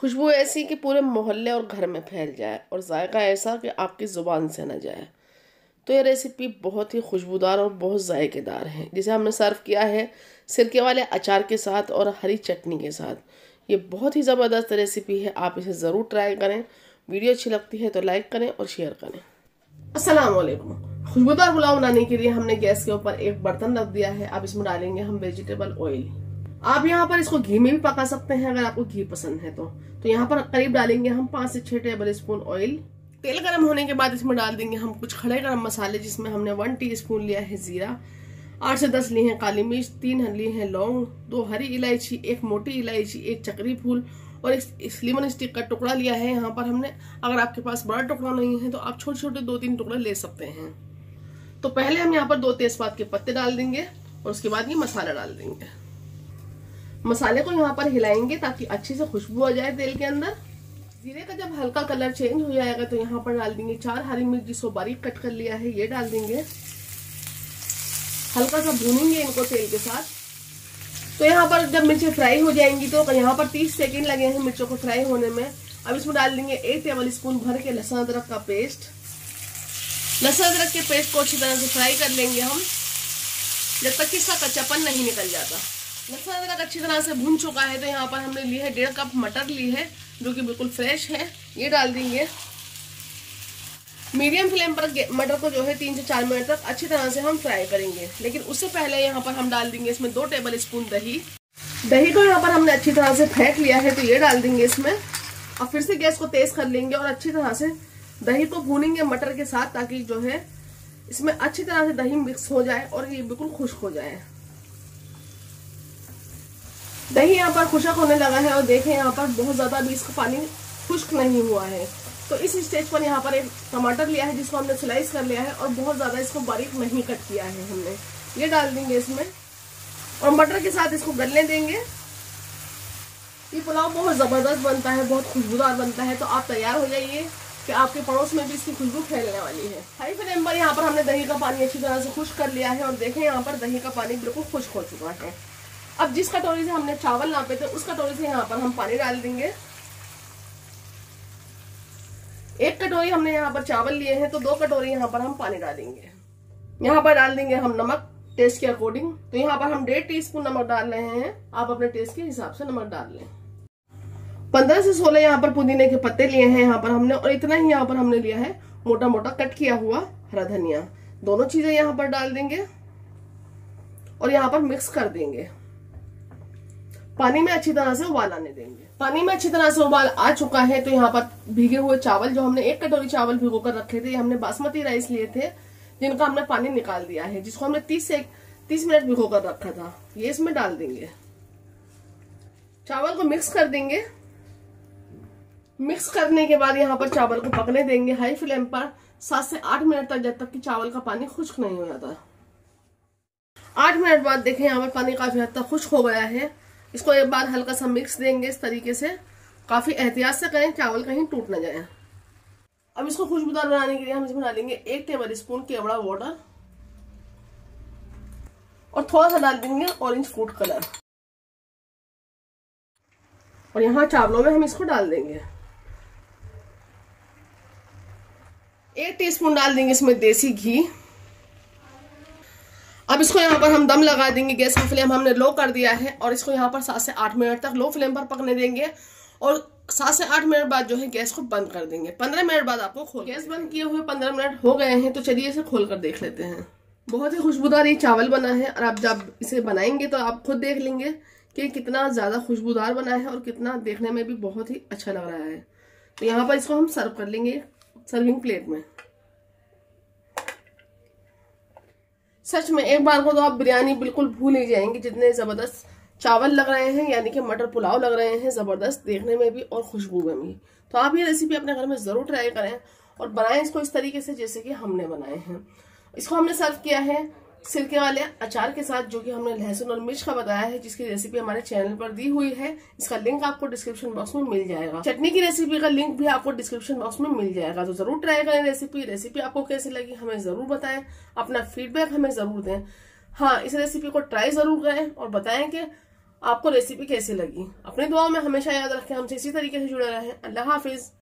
खुशबू ऐसी कि पूरे मोहल्ले और घर में फैल जाए और जायका ऐसा कि आपकी ज़ुबान से न जाए तो ये रेसिपी बहुत ही खुशबूदार और बहुत जायकेदार है जिसे हमने सर्व किया है सिरके वाले अचार के साथ और हरी चटनी के साथ ये बहुत ही ज़बरदस्त रेसिपी है आप इसे ज़रूर ट्राई करें वीडियो अच्छी लगती है तो लाइक करें और शेयर करें असलकुम खुशबूदार गुलाब बनाने के लिए हमने गैस के ऊपर एक बर्तन रख दिया है अब इसमें डालेंगे हम वेजिटेबल ऑयल आप यहाँ पर इसको घी में भी पका सकते हैं अगर आपको घी पसंद है तो तो यहाँ पर करीब डालेंगे हम पाँच से छः टेबल स्पून ऑयल तेल गर्म होने के बाद इसमें डाल देंगे हम कुछ खड़े गर्म मसाले जिसमें हमने वन स्पून लिया है ज़ीरा आठ से दस लिए हैं काली मिर्च तीन लिए हैं लौंग दो हरी इलायची एक मोटी इलायची एक चक्री फूल और एक लेमन स्टिक का टुकड़ा लिया है यहाँ पर हमने अगर आपके पास बड़ा टुकड़ा नहीं है तो आप छोटे छोटे दो तीन टुकड़े ले सकते हैं तो पहले हम यहाँ पर दो तेज़पात के पत्ते डाल देंगे और उसके बाद ये मसाला डाल देंगे मसाले को यहाँ पर हिलाएंगे ताकि अच्छे से खुशबू आ जाए तेल के अंदर जीरे का जब हल्का कलर चेंज हो जाएगा तो यहाँ पर डाल देंगे चार हरी मिर्च जिसको बारीक कट कर लिया है ये डाल देंगे हल्का सा भूनेंगे इनको तेल के साथ तो यहाँ पर जब मिर्चें फ्राई हो जाएंगी तो यहाँ पर 30 सेकेंड लगे हैं मिर्चों को फ्राई होने में अब इसमें डाल देंगे एक टेबल स्पून भर के लहसुन अदरक का पेस्ट लहसुन अदरक के पेस्ट को अच्छी तरह से फ्राई कर लेंगे हम जब तक इसका कच्चापन नहीं निकल जाता लहसुन अदरक अच्छी तरह से भून चुका है तो यहाँ पर हमने ली है डेढ़ कप मटर ली है जो कि बिल्कुल फ्रेश है ये डाल देंगे मीडियम फ्लेम पर मटर को जो है तीन से चार मिनट तक अच्छी तरह से हम फ्राई करेंगे लेकिन उससे पहले यहाँ पर हम डाल देंगे इसमें दो टेबल स्पून दही दही को यहाँ पर हमने अच्छी तरह से फेंक लिया है तो ये डाल देंगे इसमें और फिर से गैस को तेज कर लेंगे और अच्छी तरह से दही को भूनेंगे मटर के साथ ताकि जो है इसमें अच्छी तरह से दही मिक्स हो जाए और ये बिल्कुल खुश्क हो जाए दही यहाँ पर खुशक होने लगा है और देखें यहाँ पर बहुत ज़्यादा भी इसका पानी खुश्क नहीं हुआ है तो इस स्टेज पर यहाँ पर एक टमाटर लिया है जिसको हमने स्लाइस कर लिया है और बहुत ज़्यादा इसको बारीक नहीं कट किया है हमने ये डाल देंगे इसमें और मटर के साथ इसको गलने देंगे ये पुलाव बहुत ज़बरदस्त बनता है बहुत खुशबूदार बनता है तो आप तैयार हो जाइए कि आपके पड़ोस में भी इसकी खुशबू फैलने वाली है हाई फ्लेम पर यहाँ पर हमने दही का पानी अच्छी तरह से खुश कर लिया है और देखें यहाँ पर दही का पानी बिल्कुल खुश्क हो चुका है अब जिस कटोरी से हमने चावल नापे थे उस कटोरी से यहाँ पर हम पानी डाल देंगे एक कटोरी हमने यहाँ पर चावल लिए हैं तो दो कटोरी यहाँ पर हम पानी डालेंगे यहाँ पर डाल देंगे हम नमक टेस्ट के अकॉर्डिंग तो यहाँ पर हम डेढ़ टी स्पून नमक डाल रहे हैं आप अपने टेस्ट के हिसाब से नमक डाल लें पंद्रह से सोलह यहाँ पर पुदीने के पत्ते लिए हैं यहाँ पर हमने और इतना ही यहाँ पर हमने लिया है मोटा मोटा कट किया हुआ हरा धनिया दोनों चीजें यहाँ पर डाल देंगे और यहाँ पर मिक्स कर देंगे पानी में अच्छी तरह से उबाल आने देंगे पानी में अच्छी तरह से उबाल आ चुका है तो यहाँ पर भीगे हुए चावल जो हमने एक कटोरी चावल भिगो कर रखे थे हमने बासमती राइस लिए थे जिनका हमने पानी निकाल दिया है जिसको हमने तीस से तीस मिनट भिगो कर रखा था ये इसमें डाल देंगे चावल को मिक्स कर देंगे मिक्स करने के बाद यहाँ पर चावल को पकने देंगे हाई फ्लेम पर सात से आठ मिनट तक जब तक कि चावल का पानी खुश्क नहीं हो जाता आठ मिनट बाद देखें यहाँ पर पानी काफी हद तक खुश्क हो गया है इसको एक बार हल्का सा मिक्स देंगे इस तरीके से काफ़ी एहतियात से करें चावल कहीं टूट ना जाए अब इसको खुशबूदार बनाने के लिए हम इसमें डालेंगे एक टेबल स्पून केवड़ा वाटर और थोड़ा सा डाल देंगे ऑरेंज फूड कलर और यहाँ चावलों में हम इसको डाल देंगे एक टीस्पून डाल देंगे इसमें देसी घी अब इसको यहाँ पर हम दम लगा देंगे गैस का फ्लेम हमने लो कर दिया है और इसको यहाँ पर सात से आठ मिनट तक लो फ्लेम पर पकने देंगे और सात से आठ मिनट बाद जो है गैस को बंद कर देंगे पंद्रह मिनट बाद आपको खोल गैस बंद किए हुए पंद्रह मिनट हो गए हैं तो चलिए इसे खोल कर देख लेते हैं बहुत ही खुशबूदार ये चावल बना है और आप जब इसे बनाएंगे तो आप खुद देख लेंगे कि कितना ज़्यादा खुशबूदार बना है और कितना देखने में भी बहुत ही अच्छा लग रहा है तो यहाँ पर इसको हम सर्व कर लेंगे सर्विंग प्लेट में सच में एक बार को तो आप बिरयानी बिल्कुल भूल ही जाएंगे जितने ज़बरदस्त चावल लग रहे हैं यानी कि मटर पुलाव लग रहे हैं ज़बरदस्त देखने में भी और खुशबू में भी तो आप ये रेसिपी अपने घर में ज़रूर ट्राई करें और बनाएं इसको इस तरीके से जैसे कि हमने बनाए हैं इसको हमने सर्व किया है सिरके वाले अचार के साथ जो कि हमने लहसुन और मिर्च का बताया है जिसकी रेसिपी हमारे चैनल पर दी हुई है इसका लिंक आपको डिस्क्रिप्शन बॉक्स में मिल जाएगा चटनी की रेसिपी का लिंक भी आपको डिस्क्रिप्शन बॉक्स में मिल जाएगा तो जरूर ट्राई करें रेसिपी रेसिपी आपको कैसी लगी हमें जरूर बताएं अपना फीडबैक हमें जरूर दें हाँ इस रेसिपी को ट्राई जरूर करें और बताएं कि आपको रेसिपी कैसी लगी अपनी दुआ में हमेशा याद रखें हमसे इसी तरीके से जुड़े रहें अल्लाह हाफिज़